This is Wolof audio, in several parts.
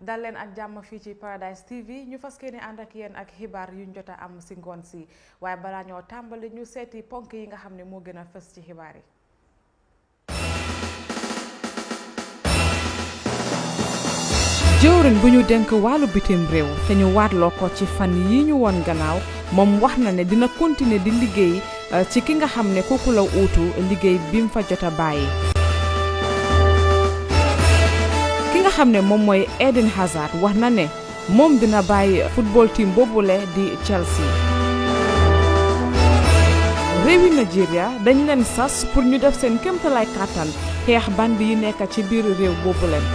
dal leen ak jàmm fii ci Paradise TV ñu fas yéene ànd ak yéen yuñ jot a am si ngoon si waaye balaa ñoo ñu seeti ponk yi nga xam ne moo gën a fës ci xibaar yi. jëwriñ bu ñu dénk wàllu bitim réew te ñu waatloo ko ci fan yi ñu woon gannaaw moom wax na ne dina continuer di liggéey eh, ci ki nga xam ne kooku la uutu liggéey bi fa jot a bàyyi. xam ne moom mooy Eden wax na ne moom dina bàyyi football team boobule di Chelsea. réewi Nigeria dañ leen sas pour ñu def seen kéemtalaay kàttan xeex ban bi yi nekk ci biir réew boobu leen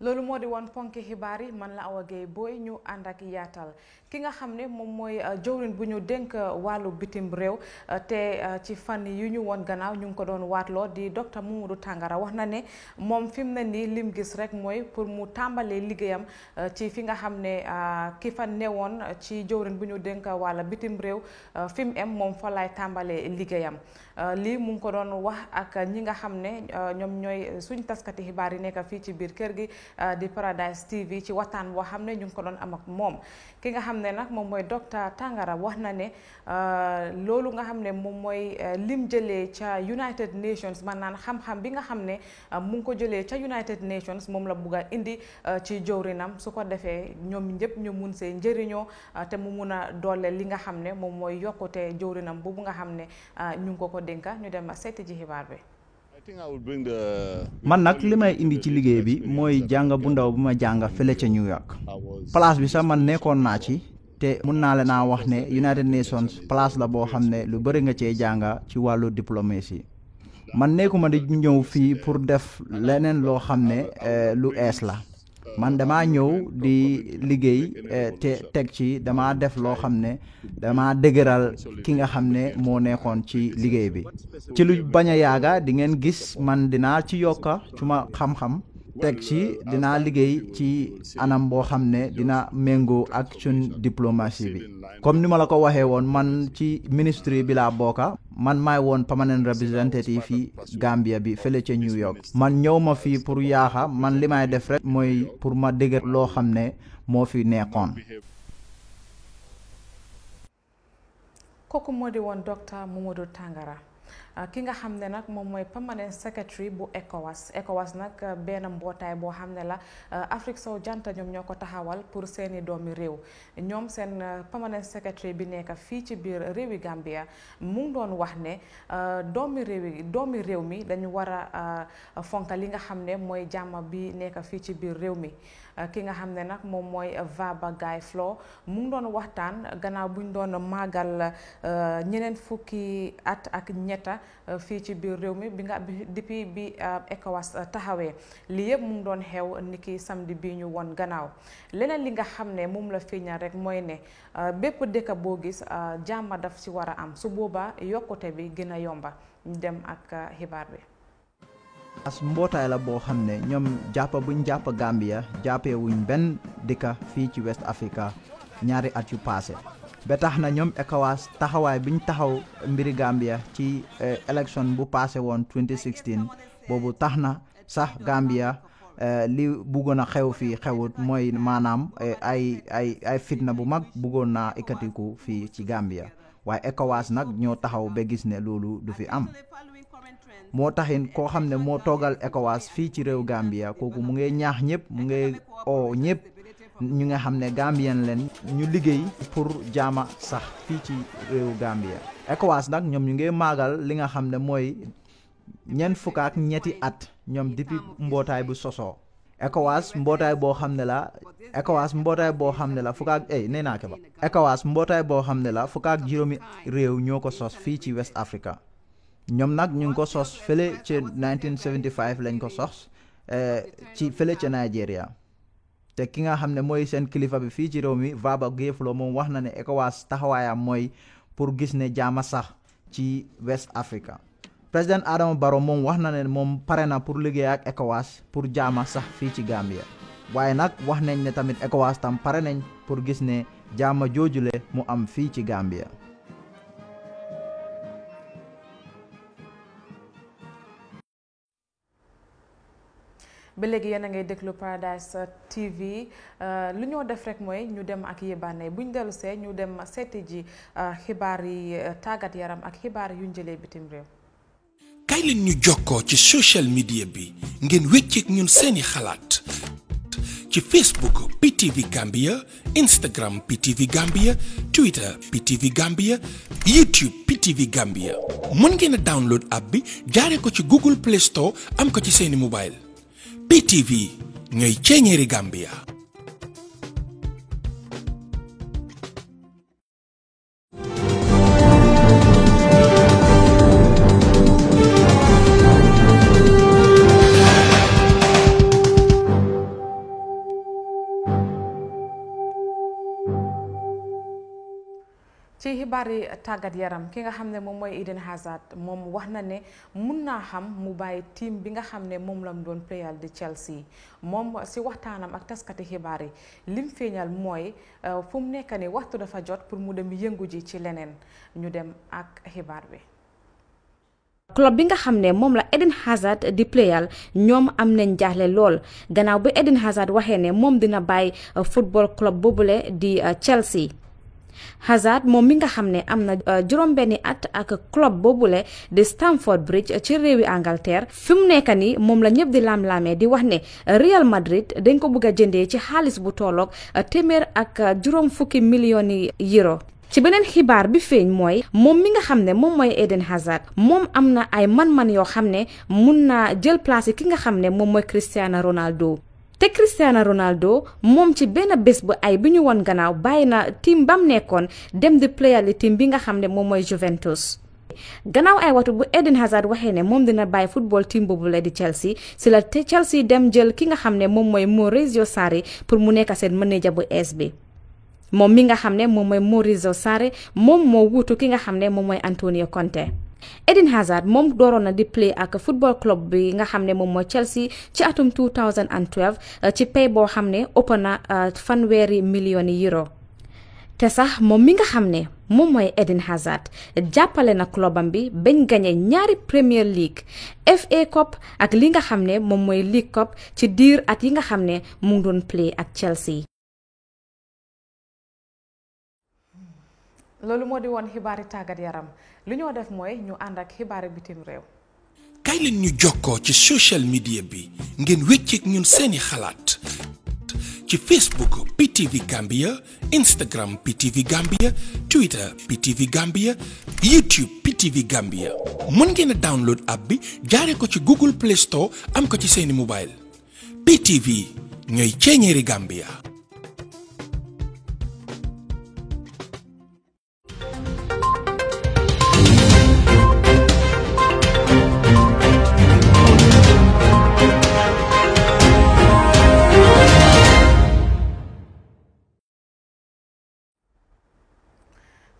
loolu moo di woon ponki xibaar yi man la Awa Gueye booy ñu ànd ak yaatal ki nga xam ne moom mooy euh, jëwriñ bu ñu dénk euh, wàllu bitim réew euh, te ci fan yu ñu woon gannaaw ñu ngi ko doon waatloo di mu docteur Mamadou tàngara wax na ne moom fi mu ne nii lim gis rek mooy pour mu tàmbalee liggéeyam ci fi nga xam ne ki fa woon ci jëwriñ bu ñu dénk wàll bitim réew fi mu em moom fa laay tàmbalee liggéeyam Euh, lii mu ngi ko doon wax ak ñi nga xam ne euh, ñoom ñooy suñ taskati xibaar yi nekk fii ci biir kër gi euh, di Paradise TV ci waxtaan boo xam ne ñu ngi ko doon am ak moom ki nga xam ne nag moom mooy docteur Tangara wax na ne loolu nga xam ne moom mooy lim jëlee ca United Nations maanaam xam-xam bi nga xam ne mu ko jëlee ca United Nations moom la bugg a indi ci jowrinam su ko defee ñoom ñëpp ñu mun see njëriñoo te mu mun a doole li nga xam ne moom mooy yokkute jowrinam boobu nga xam ne ñu ngi ko ko Dinka ñu dem seeti ji xibaar bi. man nag li may indi ci liggéey bi mooy jàng bu ndaw bu ma jàng fële ca New York place bi sax man nekkoon naa ci te mun naa leen a wax ne United Nations place la boo xam ne lu bëri nga cee jàng ci wàllu diplomatie man nekkuma di ñëw fii pour def leneen loo xam ne eh, lu ees la man damaa ñëw di liggéey eh, te teg ci damaa def loo xam ne damaa dëgëral ki nga xam ne moo nekkoon ci liggéey bi ci lu bañ a yaaga di ngeen gis man dinaa ci yokka cuma xam-xam teg ci dinaa liggéey ci anam boo xam ne dina méngoo ak suñ diplomatie bi comme ni ma la ko waxee woon man ci ministrie bi laa bokka man maay woon permanent representative fi Gambia bi fële ca New York man ñëw ma fii pour yaaxa man li may def rek mooy pour ma dëgër loo xam ne moo fi nekkoon kooku moo di woon docteur Momodou Ah, ki nga xam ne nag moom mooy permanent secretary bu ECOWAS ECOWAS nag ah, benn mbootaay boo xam ne la ah, Afrique sow jant ñoom ñoo ko taxawal pour seeni doomi réew ñoom seen permanent secretary bi nekk fii ci biir réewi Gambia mu doon wax ne doomi réewi doomi réew mi dañu war a fonka li nga xam ne mooy jàmm bi nekk fii ci biir réew mi ki nga xam ne nag moom mooy Vaba Guy Flow mu doon waxtaan gannaaw buñ doon màggal ñeneen fukki at ak ñetta Euh, fii ci biir réew mi bi nga depuis bi euh, ECOWAS euh, taxawee lii yëpp mu ngi doon xew ni ki samedi bii ñu woon gannaaw leneen li nga xam ne moom la feeñal rek mooy ne bépp dëkk boo gis jàmma daf ci war a am su boobaa yokkute bi gën a yomba ñu dem ak xibaar bi as mbootaay la boo xam ne ñoom jàpp buñ jàpp Gambia jàppewuñ benn dëkka fii ci West Africa ñaari at yu paase ba tax na ñoom ECOWAS taxawaay bi ñu taxaw mbiri Gambia ci élection eh, bu paase woon 2016 boobu tax na sax Gambia eh, li buggoon a xew fii xewut mooy maanaam eh, ay ay ay fitna bu mag buggoon naa ikkatiku fii ci Gambia waaye ECOWAS nag ñoo taxaw ba gis ne loolu du fi am moo taxin koo xam ne moo toogal ECOWAS fii ci réew Gambia kooku mu ngi ñaax ñëpp mu ngi oo ñëpp. ñi nga xam ne Gambien leen ñu liggéey pour jaama sax fii ci réewu Gambia ECOWAS nag ñoom ñu ngi maagal li nga xam ne mooy ñeent fukk ñetti at ñoom depuis mbootaay bu sosoo ECOWAS mbootaay boo xam ne la ECOWAS mbootaay boo xam ne la fukk eh, nee naa ko ba mbootaay boo xam ne fukk ak juróomi réew ñoo ko sos fii ci West Africa ñoom nag ñu ngi ko sos fële ci 1975 lañ ko sos eh, ci fële ca Nigeria te ki nga xam ne mooy seen kilifa bi fii ci réew mi Baba Guèye moom wax na ne ECOWAS taxawaayam mooy pour gis ne jaama sax ci West Africa président Adama Barrow moom wax na ne moom pare na pour liggéey ak ECOWAS pour jaama sax fii ci Gambia waaye nag wax nañ ne tamit ECOWAS tam pare nañ pour gis ne jaama joojule mu am fii ci Gambia. ba léegi yéen a ngay déglu Paradise TV euh, li ñoo def rek mooy ñu dem ak yébaane bu ñu dellu see ñu dem seeti ji euh, xibaar yi euh, tàggat yaram ak xibaar yu njëlee bitim réew. kaay leen ñu jokkoo ci social media bi ngeen wécceek ñun seeni xalaat ci Facebook PTV Gambia Instagram PTV Gambia Twitter PTV Gambia YouTube PTV Gambia mën ngeen a download app bi jaaree ko ci Google Play Store am ko ci seeni mobile. BTV ñooy ceeñeeri Gambia xibaari tàggat yaram ki nga xam ne moom mooy Eden Hazard moom wax na ne mun naa xam mu bàyyi team bi nga xam ne moom la mu doon playal di Chelsea moom si waxtaanam ak taskati xibaar yi lim feeñal mooy euh, fu mu nekk ni waxtu dafa jot pour mu dem yëngu ji ci leneen ñu dem ak xibaar bi. club bi nga xam ne moom la Eden Hazard di playal ñoom am nañ jaaxle lool gannaaw bi Eden Hazard waxee ne moom dina bàyyi euh, football club boobule di euh, Chelsea. Hazard moom mi nga xam ne am na euh, juróom-benni at ak club boobule di Stamford Bridge ci réewi Angleterre fi mu nekk nii moom la ñëpp di laam-laamee di wax ne Real Madrid dañ ko bëgg a jëndee ci xaalis bu tollook euh, téeméer ak euh, juróom fukki million yi euro. ci beneen xibaar bi feeñ mooy moom mi nga xam ne moom mooy Eden Hazard moom am na ay man-man yoo xam ne mun naa jël place ki nga xam ne moom mooy Cristiano Ronaldo te Cristiano Ronaldo moom ci benn bés bu ay bi ñu woon gannaaw bàyyi na team bam nekkoon dem di playali team bi nga xam ne moom mooy Juventus. gannaaw ay watu bu Eden Hazard waxee ne moom dina bàyyi football team bu la di Chelsea si la te Chelsea dem jël ki nga xam ne moom mooy Maurizio Sarri pour mu nekk seen manager bu ees bi. moom mi nga xam ne moom mooy Maurizio Sarri moom moo wuutu ki nga xam ne moom mooy Antonio Conte. Eden Hazard moom dooroon na di play ak football club bi nga xam ne moom mooy Chelsea ci atum 2012 euh, ci pay boo xam ne ëpp a euh, fanweeri million euro te sax moom mi nga xam ne moom mooy Eden Hazard jàppale na clubam bi bañ gañe ñaari Premier League FA Cup ak li nga xam ne moom mooy League Cup ci diir at yi nga xam ne mu ngi doon play ak Chelsea. loolu moo di woon xibaari tàggat yaram lu ñoo def mooy ñu ànd ak xibaari bitim réew. kay leen ñu jokkoo ci social media bi ngeen wécceeg ñun seeni xalaat ci Facebook PTV Gambia Instagram PTV Gambia Twitter PTV Gambia YouTube PTV Gambia mën ngeen a download app bi jaaree ko ci Google Play Store am ko ci seeni mobile PTV ñooy ceeñeeri Gambia.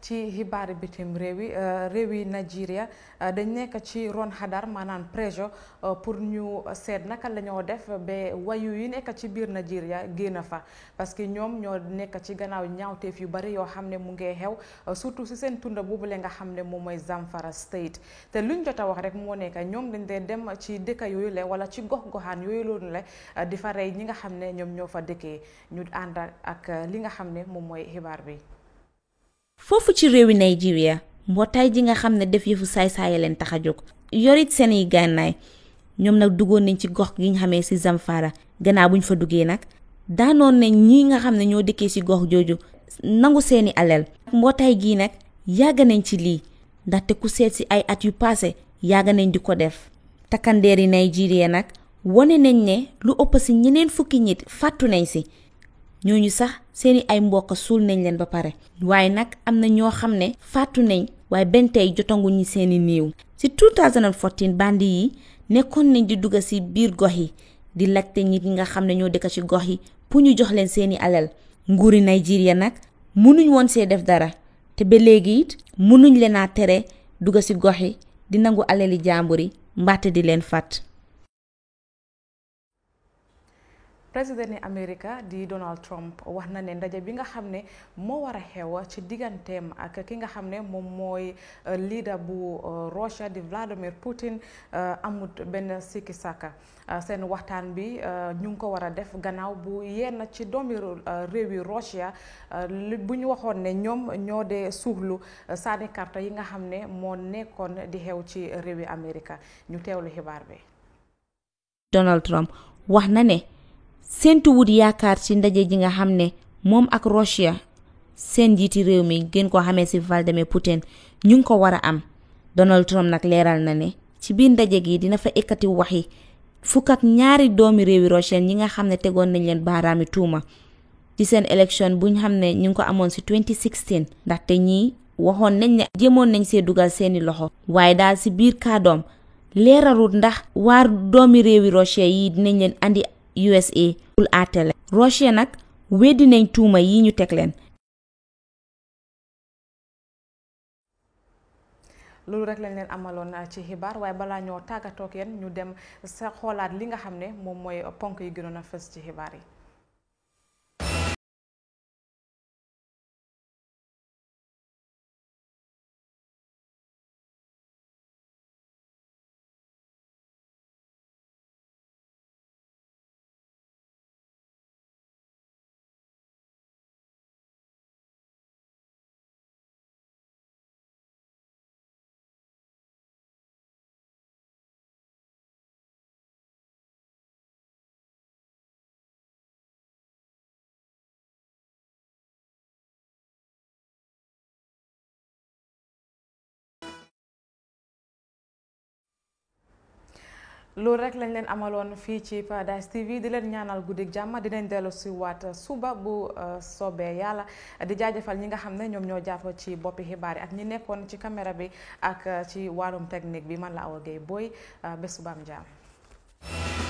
ci xibaar xibaari bitim réew yi euh, réew yi Nigeria euh, dañ nekk ci ron xadar maanaam préjo euh, pour ñu seet naka lañoo def ba wayu yi nekk ci biir Nigeria génn fa parce que ñoom ñoo nekk ci gannaaw ñaawteef yu bari yoo xam ne mu ngee xew surtout si seen tunda boobu la nga xam ne moom mooy Zamfara State te luñ jot a wax rek moo nekk ñoom dañ dee dem ci dëkk yooyu le wala ci gox-goxaan yooyu loolu la di fa rey ñi nga xam ne ñoom ñoo fa dëkkee ñu ànd ak li nga xam ne moom mooy xibaar bi foofu ci réew réewi Nigeria mbootaay ji nga xam ne def yëfu saay-saaya leen tax a jóg yorit seen i gànnaay ñoom nag duggoon nañ ci gox gi ñu xamee si Zamfara gannaaw buñ fa duggee nag daanoon nañ ñi nga xam ne ñoo dëkkee si gox jooju nangu seeni alal mbootaay gii nag yàgg nañ ci lii ndaxte ku seet si ay at yu paase yàgg nañ di ko def takkandeeri Nigeria nag wone nañ ne lu ëpp si ñeneen fukki nit fàttu nañ si ñooñu sax seeni ay mbokk suul nañ leen ba pare waaye nag am na ñoo xam ne fàttu nañ waaye benn tey jotangu ñi seeni néew ci 2014 bandi yi nekkoon nañ di dugg ci biir gox yi di laajte nit ñi nga xam ne ñoo dëkk ci gox yi pour ñu jox leen seeni alal nguuri Nigeria nag mënuñ woon see def dara te ba léegi it mënuñ leen a tere dugg ci gox yi di nangu alali jàmbur yi mbaate di leen fàtt président ni Amerika di Donald Trump wax na ne ndaje bi nga xam ne moo war a xew ci digganteem ak ki nga xam ne moom mooy euh, leader bu euh, Russia di Vladimir Putin euh, amut benn sikki sàkka seen waxtaan bi ñu ngi ko war a def gannaaw bu yenn ci doomi réewi Russia bu waxoon ne ñoom ñoo de suuxlu sànni karta yi nga xam ne moo nekkoon di xew ci réew yi Amerika ñu teew teewlu xibaar bi. séentuwut yaakaar ci ndaje ji nga xam ne moom ak Russia seen njiiti réew mi gën koo xamee si Vladimir Putin ñu ngi ko war a am Donald Trump nag leeral na ne ci biir ndaje gi dina fa ekkati waxi fukk ak ñaari doomi réewi Russia ñi nga xam ne tegoon nañ leen baaraami tuuma ci seen élection buñ xam ne ñu ngi ko amoon si 2016 ndaxte ñii waxoon nañ ne jëmoon nañ see dugal seeni loxo waaye daal si biir kàddoom leeralul ndax waar doomi réewi Russia yi dinañ leen andi USA tul àtte leen nag weddi nañ tuuma yi ñu teg leen loolu rek lañ leen amaloon ci xibaar waaye balaa ñoo tàggatoo yéen ñu dem sa xoolaat li nga xam ne moom mooy ponk yi gënoon a fës ci xibaar yi loolu rek lañ leen amaloon fii ci Paradise TV di leen ñaanal guddi jàmm dinañ dellu si waat suba bu uh, sobee yàlla di jaajëfal ñi nga xam ne ñoom ñoo jàpp ci boppi xibaar yi ak ñi nekkoon ci caméra bi ak uh, ci wàllum technique bi man la Awa Gueye booy uh, bés subaam jàmm